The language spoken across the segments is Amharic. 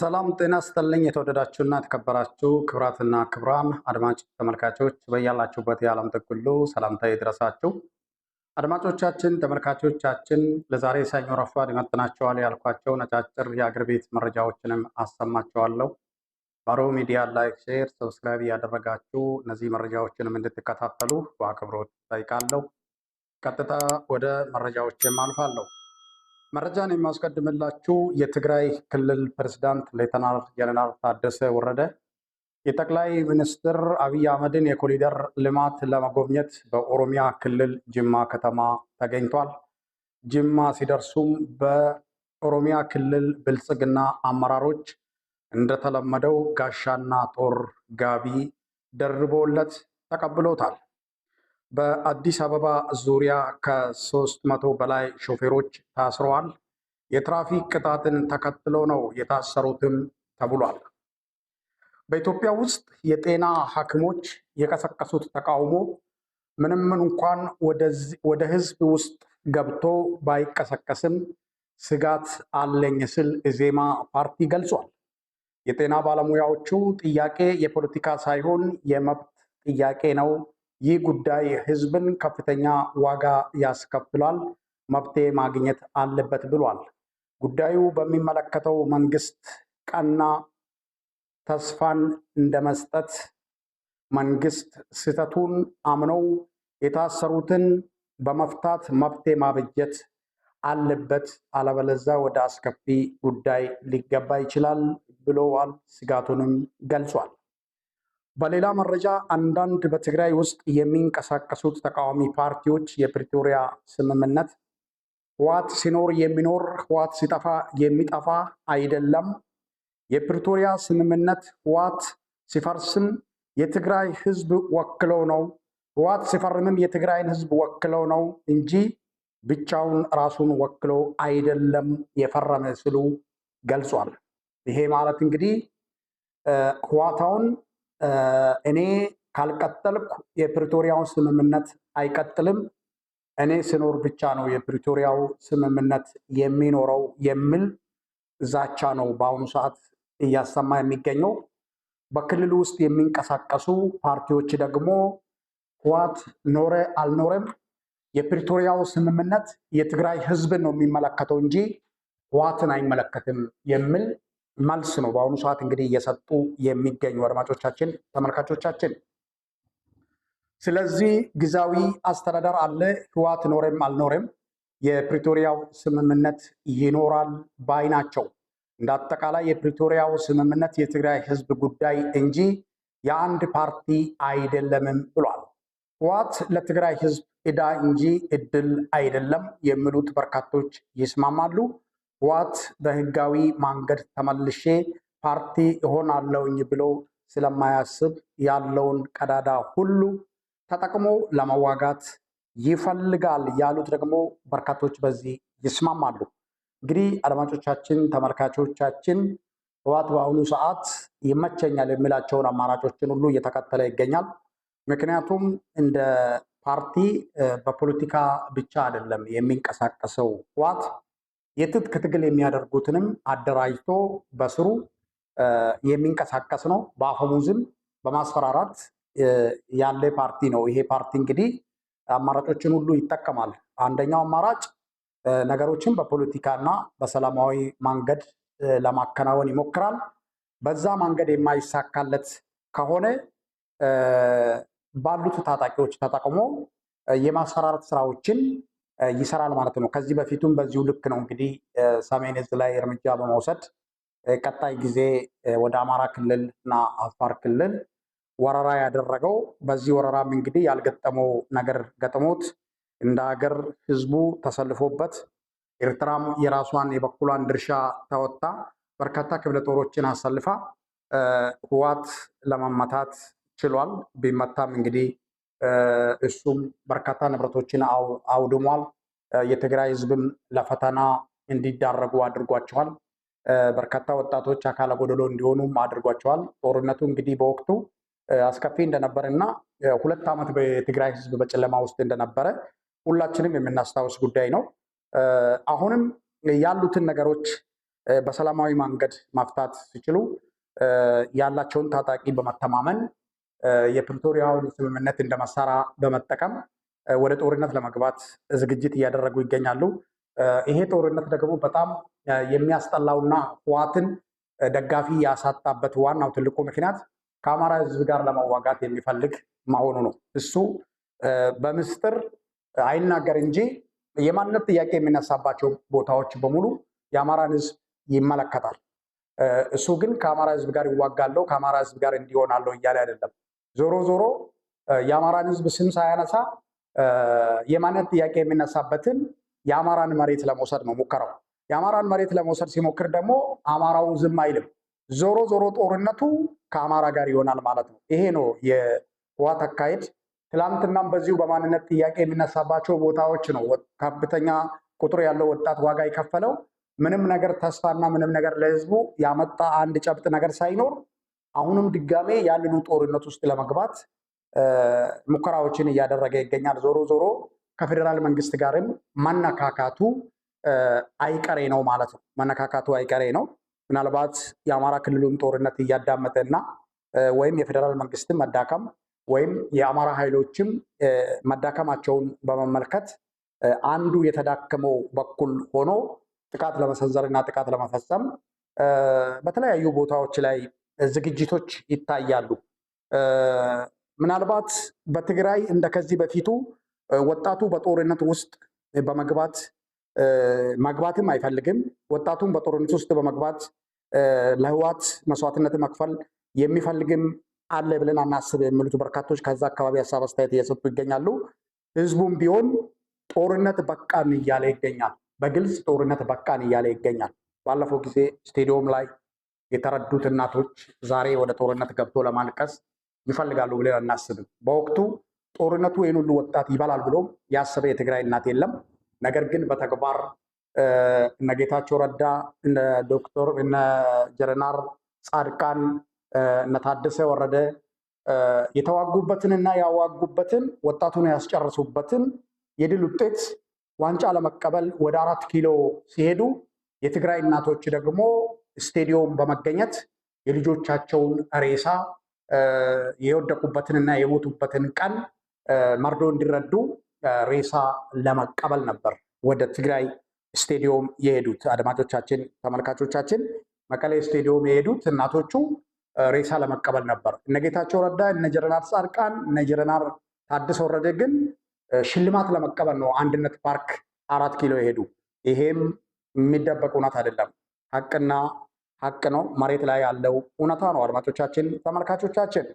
ሰላም ጤና ስጥልኝ። የተወደዳችሁና የተከበራችሁ ክብራትና ክብራን አድማጭ ተመልካቾች በያላችሁበት የዓለም ጥግ ሁሉ ሰላምታ ይድረሳችሁ። አድማጮቻችን፣ ተመልካቾቻችን ለዛሬ ሰኞ ረፋድ ይመጥናቸዋል ያልኳቸው ነጫጭር የአገር ቤት መረጃዎችንም አሰማቸዋለሁ። ባሮ ሚዲያ ላይክ፣ ሼር፣ ሰብስክራይብ እያደረጋችሁ እነዚህ መረጃዎችንም እንድትከታተሉ በአክብሮት ጠይቃለሁ። ቀጥታ ወደ መረጃዎችም አልፋለሁ። መረጃን የሚያስቀድምላችሁ የትግራይ ክልል ፕሬዝዳንት ሌተናል ጀነራል ታደሰ ወረደ የጠቅላይ ሚኒስትር አብይ አህመድን የኮሪደር ልማት ለመጎብኘት በኦሮሚያ ክልል ጅማ ከተማ ተገኝቷል። ጅማ ሲደርሱም በኦሮሚያ ክልል ብልጽግና አመራሮች እንደተለመደው ጋሻና ጦር ጋቢ ደርቦለት ተቀብሎታል። በአዲስ አበባ ዙሪያ ከሶስት መቶ በላይ ሾፌሮች ታስረዋል። የትራፊክ ቅጣትን ተከትሎ ነው የታሰሩትም ተብሏል። በኢትዮጵያ ውስጥ የጤና ሐኪሞች የቀሰቀሱት ተቃውሞ ምንም እንኳን ወደ ሕዝብ ውስጥ ገብቶ ባይቀሰቀስም ስጋት አለኝ ስል ኢዜማ ፓርቲ ገልጿል። የጤና ባለሙያዎቹ ጥያቄ የፖለቲካ ሳይሆን የመብት ጥያቄ ነው ይህ ጉዳይ ህዝብን ከፍተኛ ዋጋ ያስከፍሏል፣ መፍትሄ ማግኘት አለበት ብሏል። ጉዳዩ በሚመለከተው መንግስት ቀና ተስፋን እንደመስጠት መንግስት ስህተቱን አምነው የታሰሩትን በመፍታት መፍትሄ ማበጀት አለበት፣ አለበለዚያ ወደ አስከፊ ጉዳይ ሊገባ ይችላል ብለዋል። ስጋቱንም ገልጿል። በሌላ መረጃ አንዳንድ በትግራይ ውስጥ የሚንቀሳቀሱት ተቃዋሚ ፓርቲዎች የፕሪቶሪያ ስምምነት ህዋት ሲኖር የሚኖር ህዋት ሲጠፋ የሚጠፋ አይደለም፣ የፕሪቶሪያ ስምምነት ህዋት ሲፈርስም የትግራይ ህዝብ ወክለው ነው፣ ህዋት ሲፈርምም የትግራይን ህዝብ ወክለው ነው እንጂ ብቻውን ራሱን ወክሎ አይደለም የፈረመ ስሉ ገልጿል። ይሄ ማለት እንግዲህ ህዋታውን እኔ ካልቀጠልኩ የፕሪቶሪያው ስምምነት አይቀጥልም፣ እኔ ስኖር ብቻ ነው የፕሪቶሪያው ስምምነት የሚኖረው የሚል ዛቻ ነው በአሁኑ ሰዓት እያሰማ የሚገኘው። በክልሉ ውስጥ የሚንቀሳቀሱ ፓርቲዎች ደግሞ ህዋት ኖረ አልኖረም የፕሪቶሪያው ስምምነት የትግራይ ህዝብን ነው የሚመለከተው እንጂ ህዋትን አይመለከትም የሚል መልስ ነው በአሁኑ ሰዓት እንግዲህ እየሰጡ የሚገኙ አድማጮቻችን፣ ተመልካቾቻችን። ስለዚህ ጊዜያዊ አስተዳደር አለ። ህወሓት ኖረም አልኖረም የፕሪቶሪያው ስምምነት ይኖራል ባይ ናቸው። እንደ አጠቃላይ የፕሪቶሪያው ስምምነት የትግራይ ህዝብ ጉዳይ እንጂ የአንድ ፓርቲ አይደለምም ብሏል። ህወሓት ለትግራይ ህዝብ እዳ እንጂ እድል አይደለም የሚሉት በርካቶች ይስማማሉ። ህወሓት በህጋዊ መንገድ ተመልሼ ፓርቲ እሆናለሁኝ ብሎ ስለማያስብ ያለውን ቀዳዳ ሁሉ ተጠቅሞ ለመዋጋት ይፈልጋል ያሉት ደግሞ በርካቶች በዚህ ይስማማሉ። እንግዲህ አድማጮቻችን፣ ተመልካቾቻችን ህወሓት በአሁኑ ሰዓት ይመቸኛል የሚላቸውን አማራጮችን ሁሉ እየተከተለ ይገኛል። ምክንያቱም እንደ ፓርቲ በፖለቲካ ብቻ አይደለም የሚንቀሳቀሰው ህወሓት የትጥቅ ትግል የሚያደርጉትንም አደራጅቶ በስሩ የሚንቀሳቀስ ነው። በአፈሙዝም በማስፈራራት ያለ ፓርቲ ነው። ይሄ ፓርቲ እንግዲህ አማራጮችን ሁሉ ይጠቀማል። አንደኛው አማራጭ ነገሮችን በፖለቲካ ና በሰላማዊ መንገድ ለማከናወን ይሞክራል። በዛ መንገድ የማይሳካለት ከሆነ ባሉት ታጣቂዎች ተጠቅሞ የማስፈራራት ስራዎችን ይሰራል ማለት ነው። ከዚህ በፊቱም በዚሁ ልክ ነው እንግዲህ ሰሜን እዝ ላይ እርምጃ በመውሰድ ቀጣይ ጊዜ ወደ አማራ ክልል እና አፋር ክልል ወረራ ያደረገው። በዚህ ወረራም እንግዲህ ያልገጠመው ነገር ገጥሞት እንደ ሀገር ህዝቡ ተሰልፎበት ኤርትራም የራሷን የበኩሏን ድርሻ ተወጣ በርካታ ክፍለ ጦሮችን አሰልፋ ህዋት ለመመታት ችሏል። ቢመታም እንግዲህ እሱም በርካታ ንብረቶችን አውድሟል። የትግራይ ህዝብም ለፈተና እንዲዳረጉ አድርጓቸዋል። በርካታ ወጣቶች አካለ ጎደሎ እንዲሆኑም አድርጓቸዋል። ጦርነቱ እንግዲህ በወቅቱ አስከፊ እንደነበር እና ሁለት ዓመት በትግራይ ህዝብ በጨለማ ውስጥ እንደነበረ ሁላችንም የምናስታውስ ጉዳይ ነው። አሁንም ያሉትን ነገሮች በሰላማዊ መንገድ መፍታት ሲችሉ ያላቸውን ታጣቂ በመተማመን የፕሪቶሪያውን ስምምነት እንደ መሳሪያ በመጠቀም ወደ ጦርነት ለመግባት ዝግጅት እያደረጉ ይገኛሉ። ይሄ ጦርነት ደግሞ በጣም የሚያስጠላውና ህዋትን ደጋፊ ያሳጣበት ዋናው ትልቁ ምክንያት ከአማራ ህዝብ ጋር ለመዋጋት የሚፈልግ መሆኑ ነው። እሱ በምስጥር አይናገር እንጂ የማንነት ጥያቄ የሚነሳባቸው ቦታዎች በሙሉ የአማራን ህዝብ ይመለከታል። እሱ ግን ከአማራ ህዝብ ጋር ይዋጋለው ከአማራ ህዝብ ጋር እንዲሆናለው እያለ አይደለም። ዞሮ ዞሮ የአማራን ህዝብ ስም ሳያነሳ የማንነት ጥያቄ የሚነሳበትን የአማራን መሬት ለመውሰድ ነው ሙከራው። የአማራን መሬት ለመውሰድ ሲሞክር ደግሞ አማራው ዝም አይልም። ዞሮ ዞሮ ጦርነቱ ከአማራ ጋር ይሆናል ማለት ነው። ይሄ ነው የህወሓት አካሄድ። ትላንትናም በዚሁ በማንነት ጥያቄ የሚነሳባቸው ቦታዎች ነው ከፍተኛ ቁጥር ያለው ወጣት ዋጋ የከፈለው ምንም ነገር ተስፋና ምንም ነገር ለህዝቡ ያመጣ አንድ ጨብጥ ነገር ሳይኖር አሁንም ድጋሜ ያንኑ ጦርነት ውስጥ ለመግባት ሙከራዎችን እያደረገ ይገኛል። ዞሮ ዞሮ ከፌዴራል መንግስት ጋርም መነካካቱ አይቀሬ ነው ማለት ነው። መነካካቱ አይቀሬ ነው። ምናልባት የአማራ ክልሉን ጦርነት እያዳመጠ እና ወይም የፌዴራል መንግስት መዳከም ወይም የአማራ ኃይሎችም መዳከማቸውን በመመልከት አንዱ የተዳከመው በኩል ሆኖ ጥቃት ለመሰንዘር እና ጥቃት ለመፈጸም በተለያዩ ቦታዎች ላይ ዝግጅቶች ይታያሉ። ምናልባት በትግራይ እንደ ከዚህ በፊቱ ወጣቱ በጦርነት ውስጥ በመግባት መግባትም አይፈልግም። ወጣቱም በጦርነት ውስጥ በመግባት ለህዋት መስዋዕትነት መክፈል የሚፈልግም አለ ብለን አናስብ የሚሉት በርካቶች ከዛ አካባቢ ሀሳብ አስተያየት እየሰጡ ይገኛሉ። ህዝቡም ቢሆን ጦርነት በቃን እያለ ይገኛል። በግልጽ ጦርነት በቃን እያለ ይገኛል። ባለፈው ጊዜ ስቴዲየም ላይ የተረዱት እናቶች ዛሬ ወደ ጦርነት ገብቶ ለማልቀስ ይፈልጋሉ ብለን አናስብም። በወቅቱ ጦርነቱ ይህን ሁሉ ወጣት ይበላል ብሎ ያሰበ የትግራይ እናት የለም። ነገር ግን በተግባር እነ ጌታቸው ረዳ፣ እነ ዶክተር እነ ጀረናር ጻድቃን፣ እነ ታደሰ ወረደ የተዋጉበትንና ያዋጉበትን ወጣቱን ያስጨርሱበትን የድል ውጤት ዋንጫ ለመቀበል ወደ አራት ኪሎ ሲሄዱ የትግራይ እናቶች ደግሞ ስቴዲዮም በመገኘት የልጆቻቸውን ሬሳ የወደቁበትንና የሞቱበትን ቀን መርዶ እንዲረዱ ሬሳ ለመቀበል ነበር ወደ ትግራይ ስቴዲዮም የሄዱት። አድማጮቻችን፣ ተመልካቾቻችን መቀሌ ስቴዲዮም የሄዱት እናቶቹ ሬሳ ለመቀበል ነበር። እነ ጌታቸው ረዳ፣ እነ ጀነራል ጻድቃን፣ እነ ጀነራል ታደሰ ወረደ ግን ሽልማት ለመቀበል ነው አንድነት ፓርክ አራት ኪሎ የሄዱ። ይሄም የሚደበቅ እውነት አይደለም። ሀቅና ሀቅ ነው፣ መሬት ላይ ያለው እውነታ ነው። አድማጮቻችን፣ ተመልካቾቻችን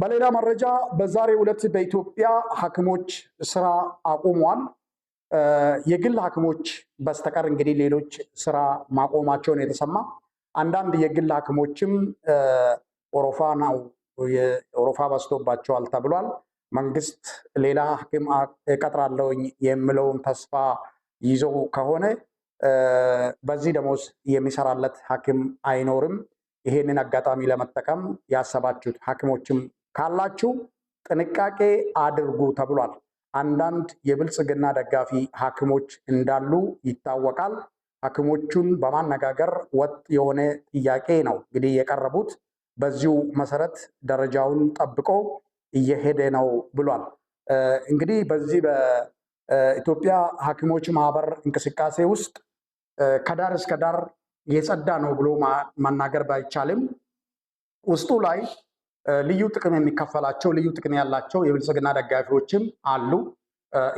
በሌላ መረጃ በዛሬ ዕለት በኢትዮጵያ ሐኪሞች ስራ አቁሟል። የግል ሐኪሞች በስተቀር እንግዲህ ሌሎች ስራ ማቆማቸውን የተሰማ አንዳንድ የግል ሐኪሞችም ኦሮፋ ነው የኦሮፋ በስቶባቸዋል ተብሏል። መንግስት ሌላ ሐኪም እቀጥራለሁኝ የሚለውን ተስፋ ይዘው ከሆነ በዚህ ደሞዝ የሚሰራለት ሐኪም አይኖርም። ይሄንን አጋጣሚ ለመጠቀም ያሰባችሁት ሐኪሞችም ካላችሁ ጥንቃቄ አድርጉ ተብሏል። አንዳንድ የብልጽግና ደጋፊ ሐኪሞች እንዳሉ ይታወቃል። ሐኪሞቹን በማነጋገር ወጥ የሆነ ጥያቄ ነው እንግዲህ የቀረቡት። በዚሁ መሰረት ደረጃውን ጠብቆ እየሄደ ነው ብሏል። እንግዲህ በዚህ በኢትዮጵያ ሐኪሞች ማህበር እንቅስቃሴ ውስጥ ከዳር እስከ ዳር የጸዳ ነው ብሎ መናገር ባይቻልም ውስጡ ላይ ልዩ ጥቅም የሚከፈላቸው ልዩ ጥቅም ያላቸው የብልጽግና ደጋፊዎችም አሉ።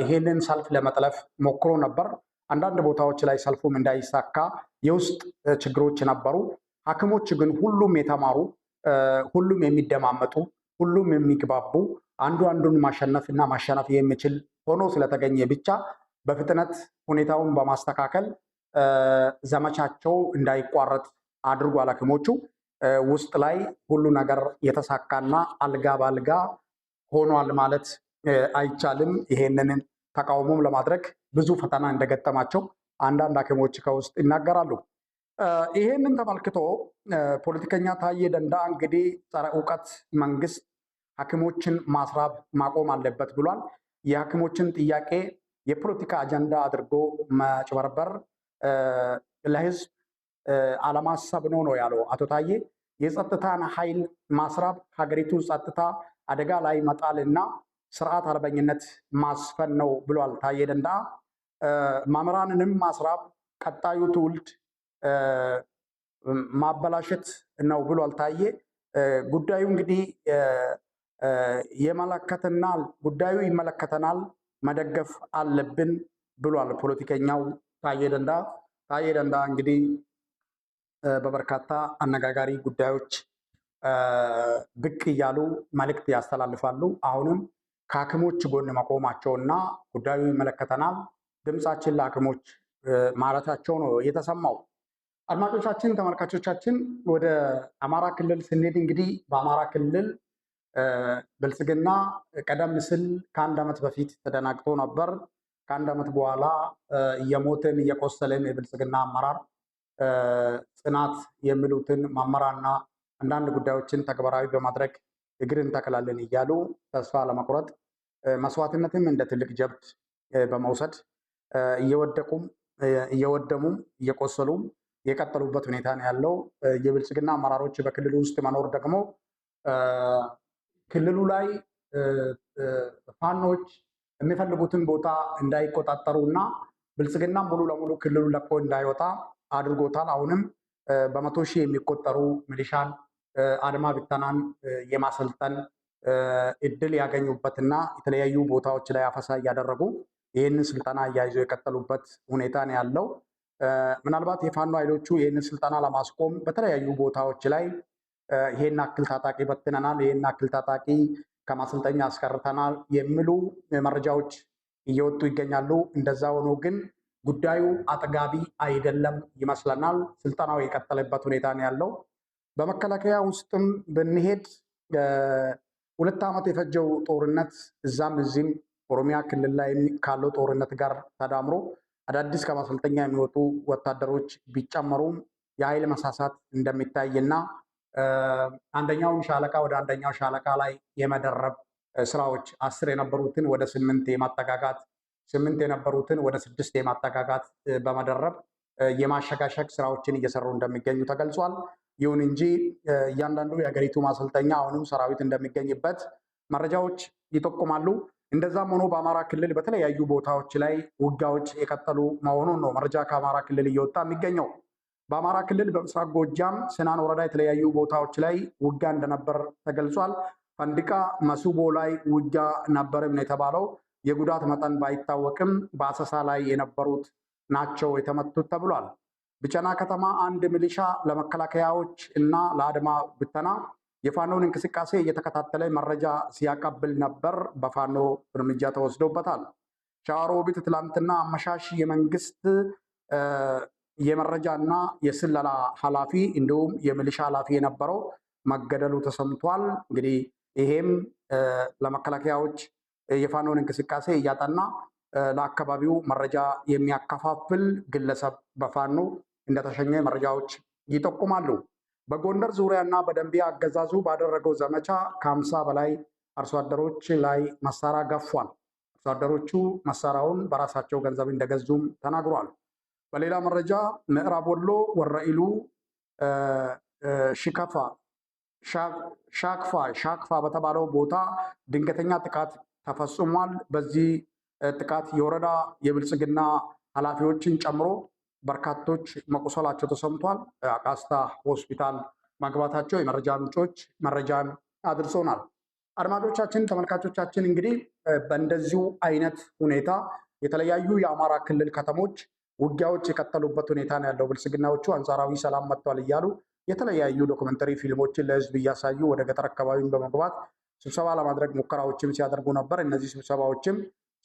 ይሄንን ሰልፍ ለመጥለፍ ሞክሮ ነበር። አንዳንድ ቦታዎች ላይ ሰልፉም እንዳይሳካ የውስጥ ችግሮች ነበሩ። ሐኪሞች ግን ሁሉም የተማሩ፣ ሁሉም የሚደማመጡ፣ ሁሉም የሚግባቡ አንዱ አንዱን ማሸነፍ እና ማሸነፍ የሚችል ሆኖ ስለተገኘ ብቻ በፍጥነት ሁኔታውን በማስተካከል ዘመቻቸው እንዳይቋረጥ አድርጓል። ሐኪሞቹ ውስጥ ላይ ሁሉ ነገር የተሳካና አልጋ ባልጋ ሆኗል ማለት አይቻልም። ይሄንን ተቃውሞም ለማድረግ ብዙ ፈተና እንደገጠማቸው አንዳንድ ሐኪሞች ከውስጥ ይናገራሉ። ይሄንን ተመልክቶ ፖለቲከኛ ታዬ ደንዳ እንግዲህ ጸረ እውቀት መንግስት ሐኪሞችን ማስራብ ማቆም አለበት ብሏል። የሐኪሞችን ጥያቄ የፖለቲካ አጀንዳ አድርጎ መጭበርበር ለህዝብ አለማሰብ ነው ነው ያለው አቶ ታዬ። የጸጥታን ኃይል ማስራብ ሀገሪቱ ጸጥታ አደጋ ላይ መጣል እና ስርዓት አልበኝነት ማስፈን ነው ብሏል ታዬ ደንዳ። መምህራንንም ማስራብ ቀጣዩ ትውልድ ማበላሸት ነው ብሏል ታዬ። ጉዳዩ እንግዲህ ይመለከተናል፣ ጉዳዩ ይመለከተናል፣ መደገፍ አለብን ብሏል ፖለቲከኛው ታዬ ደንዳ ታዬ ደንዳ እንግዲህ በበርካታ አነጋጋሪ ጉዳዮች ብቅ እያሉ መልእክት ያስተላልፋሉ። አሁንም ከሐኪሞች ጎን መቆማቸው እና ጉዳዩ ይመለከተናል ድምፃችን ለሐኪሞች ማለታቸው ነው የተሰማው። አድማጮቻችን፣ ተመልካቾቻችን ወደ አማራ ክልል ስንሄድ እንግዲህ በአማራ ክልል ብልጽግና ቀደም ሲል ከአንድ ዓመት በፊት ተደናግጦ ነበር። ከአንድ ዓመት በኋላ እየሞትን እየቆሰልን የብልጽግና አመራር ጽናት የሚሉትን መመራና አንዳንድ ጉዳዮችን ተግባራዊ በማድረግ እግር እንተክላለን እያሉ ተስፋ ለመቁረጥ መስዋዕትነትም እንደ ትልቅ ጀብድ በመውሰድ እየወደቁም እየወደሙም እየቆሰሉም የቀጠሉበት ሁኔታ ነው ያለው። የብልጽግና አመራሮች በክልሉ ውስጥ መኖር ደግሞ ክልሉ ላይ ፋኖች የሚፈልጉትን ቦታ እንዳይቆጣጠሩ እና ብልጽግና ሙሉ ለሙሉ ክልሉ ለቆ እንዳይወጣ አድርጎታል። አሁንም በመቶ ሺህ የሚቆጠሩ ሚሊሻን አድማ ብተናን የማሰልጠን እድል ያገኙበትና የተለያዩ ቦታዎች ላይ አፈሳ እያደረጉ ይህንን ስልጠና እያይዞ የቀጠሉበት ሁኔታ ነው ያለው። ምናልባት የፋኖ ኃይሎቹ ይህንን ስልጠና ለማስቆም በተለያዩ ቦታዎች ላይ ይሄን አክል ታጣቂ በትነናል፣ ይሄን አክል ታጣቂ ከማሰልጠኛ አስቀርተናል የሚሉ መረጃዎች እየወጡ ይገኛሉ። እንደዛ ሆኖ ግን ጉዳዩ አጥጋቢ አይደለም ይመስለናል። ስልጠናው የቀጠለበት ሁኔታ ነው ያለው። በመከላከያ ውስጥም ብንሄድ ሁለት ዓመት የፈጀው ጦርነት እዛም እዚህም ኦሮሚያ ክልል ላይ ካለው ጦርነት ጋር ተዳምሮ አዳዲስ ከማሰልጠኛ የሚወጡ ወታደሮች ቢጨመሩም የኃይል መሳሳት እንደሚታይና አንደኛውን ሻለቃ ወደ አንደኛው ሻለቃ ላይ የመደረብ ስራዎች አስር የነበሩትን ወደ ስምንት የማጠጋጋት ስምንት የነበሩትን ወደ ስድስት የማጠጋጋት በመደረብ የማሸጋሸግ ስራዎችን እየሰሩ እንደሚገኙ ተገልጿል። ይሁን እንጂ እያንዳንዱ የሀገሪቱ ማሰልጠኛ አሁንም ሰራዊት እንደሚገኝበት መረጃዎች ይጠቁማሉ። እንደዛም ሆኖ በአማራ ክልል በተለያዩ ቦታዎች ላይ ውጊያዎች የቀጠሉ መሆኑን ነው መረጃ ከአማራ ክልል እየወጣ የሚገኘው። በአማራ ክልል በምስራቅ ጎጃም ስናን ወረዳ የተለያዩ ቦታዎች ላይ ውጊያ እንደነበር ተገልጿል። ፈንድቃ መሱቦ ላይ ውጊያ ነበርም ነው የተባለው። የጉዳት መጠን ባይታወቅም በአሰሳ ላይ የነበሩት ናቸው የተመቱት ተብሏል። ብጨና ከተማ አንድ ሚሊሻ ለመከላከያዎች እና ለአድማ ብተና የፋኖን እንቅስቃሴ እየተከታተለ መረጃ ሲያቀብል ነበር። በፋኖ እርምጃ ተወስዶበታል። ሸዋሮቢት ትላንትና አመሻሽ የመንግስት የመረጃና የስለላ ኃላፊ እንዲሁም የሚሊሻ ኃላፊ የነበረው መገደሉ ተሰምቷል። እንግዲህ ይሄም ለመከላከያዎች የፋኖን እንቅስቃሴ እያጠና ለአካባቢው መረጃ የሚያከፋፍል ግለሰብ በፋኖ እንደተሸኘ መረጃዎች ይጠቁማሉ። በጎንደር ዙሪያና በደንቢያ አገዛዙ ባደረገው ዘመቻ ከአምሳ በላይ አርሶ አደሮች ላይ መሳሪያ ገፏል። አርሶ አደሮቹ መሳሪያውን በራሳቸው ገንዘብ እንደገዙም ተናግሯል። በሌላ መረጃ ምዕራብ ወሎ ወረኢሉ ሽከፋ ሻክፋ ሻክፋ በተባለው ቦታ ድንገተኛ ጥቃት ተፈጽሟል። በዚህ ጥቃት የወረዳ የብልጽግና ኃላፊዎችን ጨምሮ በርካቶች መቁሰላቸው ተሰምቷል። አቃስታ ሆስፒታል መግባታቸው የመረጃ ምንጮች መረጃን አድርሶናል። አድማጮቻችን፣ ተመልካቾቻችን እንግዲህ በእንደዚሁ አይነት ሁኔታ የተለያዩ የአማራ ክልል ከተሞች ውጊያዎች የቀጠሉበት ሁኔታ ነው ያለው። ብልጽግናዎቹ አንጻራዊ ሰላም መጥቷል እያሉ የተለያዩ ዶክመንተሪ ፊልሞችን ለህዝብ እያሳዩ ወደ ገጠር አካባቢን በመግባት ስብሰባ ለማድረግ ሙከራዎችም ሲያደርጉ ነበር። እነዚህ ስብሰባዎችም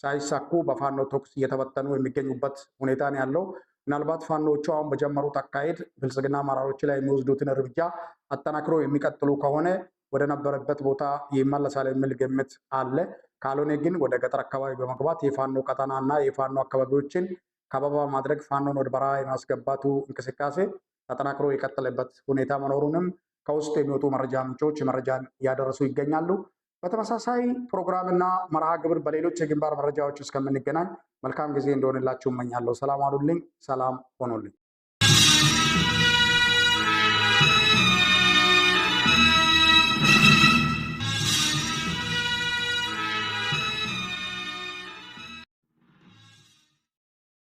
ሳይሳኩ በፋኖ ተኩስ እየተበተኑ የሚገኙበት ሁኔታ ነው ያለው። ምናልባት ፋኖቹ አሁን በጀመሩት አካሄድ ብልጽግና አመራሮች ላይ የሚወስዱትን እርምጃ አጠናክሮ የሚቀጥሉ ከሆነ ወደ ነበረበት ቦታ ይመለሳል የሚል ግምት አለ። ካልሆነ ግን ወደ ገጠር አካባቢ በመግባት የፋኖ ቀጠና እና የፋኖ አካባቢዎችን ከበባ ማድረግ ፋኖን ወደ በረሃ የማስገባቱ እንቅስቃሴ ተጠናክሮ የቀጠለበት ሁኔታ መኖሩንም ከውስጥ የሚወጡ መረጃ ምንጮች መረጃን እያደረሱ ይገኛሉ። በተመሳሳይ ፕሮግራምና መርሃ ግብር በሌሎች የግንባር መረጃዎች እስከምንገናኝ መልካም ጊዜ እንደሆንላችሁ እመኛለሁ። ሰላም አሉልኝ። ሰላም ሆኖልኝ